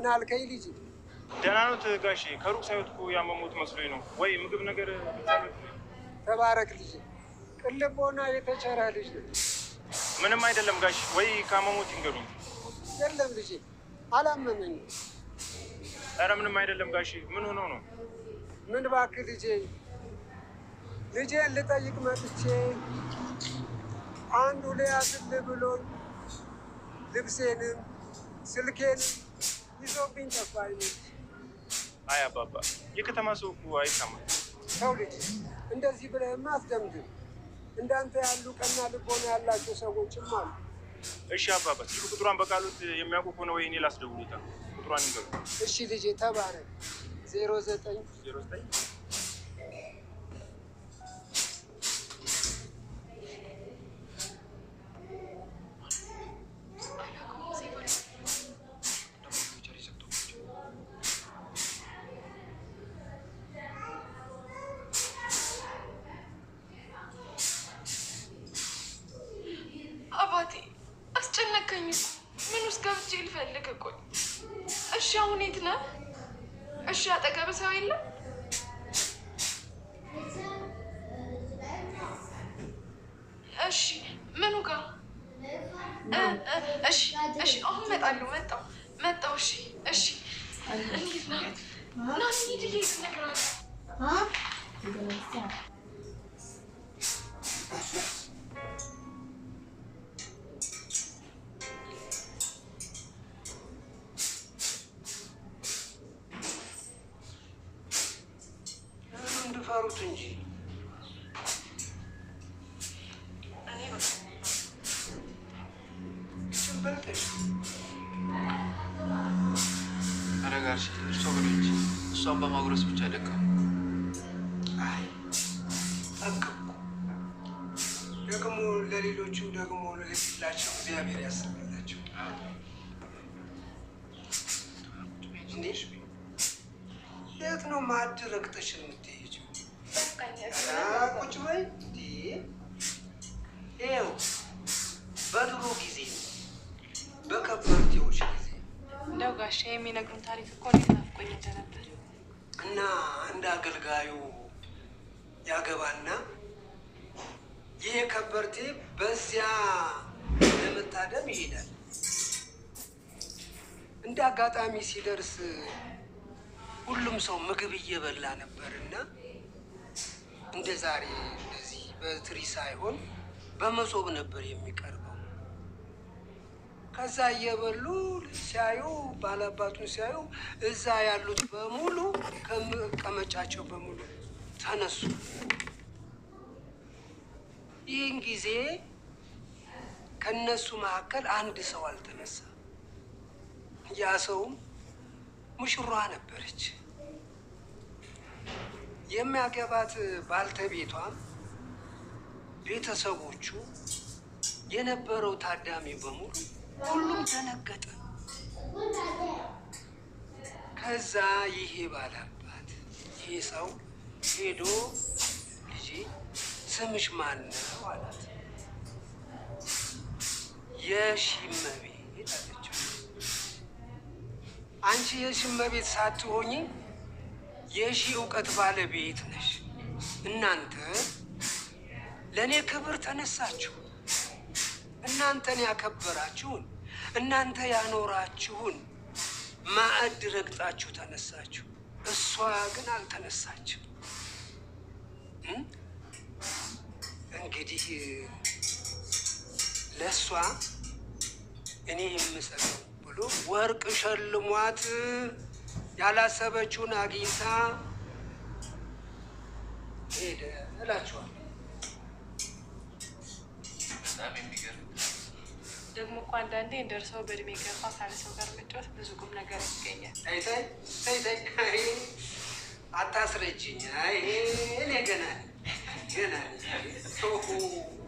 ምን አልከኝ ልጅ? ደህና ነዎት ከሩቅ ሳይወት እኮ ያመሙት መስሎኝ ነው። ወይ ምግብ ነገር ተባረክ ልጅ። ቅልቦና የተቸረ ልጅ ነው። ምንም አይደለም ጋሽ። ወይ ካመሙት ይንገሩኝ። የለም ልጅ አላመመኝ። ኧረ ምንም አይደለም ጋሽ። ምን ሆነው ነው? ምን እባክህ ልጄ ልጄን ልጠይቅ መጥቼ አንዱ ሊያዝል ብሎ ልብሴንም ስልኬንም ይዞብኝ ተባል። አይ አባባ የከተማ ሰው እኮ አይሰማም። ሰው ልጅ እንደዚህ ብለህማ አትደምድም። እንዳንተ ያሉ ቀና ልቦና ያላቸው ሰዎችም አሉ። እሺ አባባ ስልክ ቁጥሯን በቃሉት የሚያውቁ ከሆነ ወይ እኔ ላስደውሉታል። ቁጥሯን እንገባ። እሺ ልጄ ተባረክ። ዜሮ ዘጠኝ ዜሮ ዘጠኝ እሺ አሁን የት ነህ? እሺ አጠገብህ ሰው የለም? እሺ ምኑ ጋር? እሺ እሺ አሁን እመጣለሁ። መጣሁ መጣሁ። እሺ እሺ እንዴት ነህ? ናስኒድ ልጅ ነግራለሁ ሰዎች አረጋሽ እርሶ ብሎች እሷን በማጉረስ ብቻ ደቀሙ። ደግሞ ለሌሎቹ ደግሞ ለሌላቸው እግዚአብሔር ያሰብላቸው። የት ነው ማዕድ ረግጠሽ የምትሄጂው? ቁጭ በይ። ይኸው በድሮ ጊዜ በከበርቴዎች ጊዜ እንደው ጋሼ የሚነግሩን ታሪክ እኮ ናፍቆኝ ነበር እና እንደ አገልጋዩ ያገባና ይህ ከበርቴ በዚያ ለመታደም ይሄዳል። እንደ አጋጣሚ ሲደርስ ሁሉም ሰው ምግብ እየበላ ነበርና እንደ ዛሬ እንደዚህ በትሪ ሳይሆን በመሶብ ነበር የሚቀርበው። ከዛ እየበሉ ሲያዩ ባላባቱን ሲያዩ እዛ ያሉት በሙሉ ከመቀመጫቸው በሙሉ ተነሱ። ይህን ጊዜ ከነሱ መካከል አንድ ሰው አልተነሳ። ያ ሰውም ሙሽሯ ነበረች። የሚያገባት ባልተቤቷም ቤተሰቦቹ የነበረው ታዳሚ በሙሉ ሁሉም ደነገጠ። ከዛ ይሄ ባላባት ይሄ ሰው ሄዶ ልጄ ስምሽ ማን ነው አላት። የሺመቤት አለችው። አንቺ የሽመቤት ሳትሆኝ? የሺህ እውቀት ባለቤት ነሽ። እናንተ ለእኔ ክብር ተነሳችሁ። እናንተን ያከበራችሁን፣ እናንተ ያኖራችሁን ማዕድ ረግጣችሁ ተነሳችሁ። እሷ ግን አልተነሳችም። እንግዲህ ለእሷ እኔ የምሰጠው ብሎ ወርቅ ሸልሟት ያላሰበችውን አግኝታ ሄደ እላቸዋል። ደግሞ እኮ አንዳንዴ እንደርሰው በእድሜ ገፋ ካለ ሰው ጋር መጫወት ብዙ ቁም ነገር ይገኛል። ተይተኝ ተይተኝ፣ አታስረጅኝ። አይ እኔ ገና ገና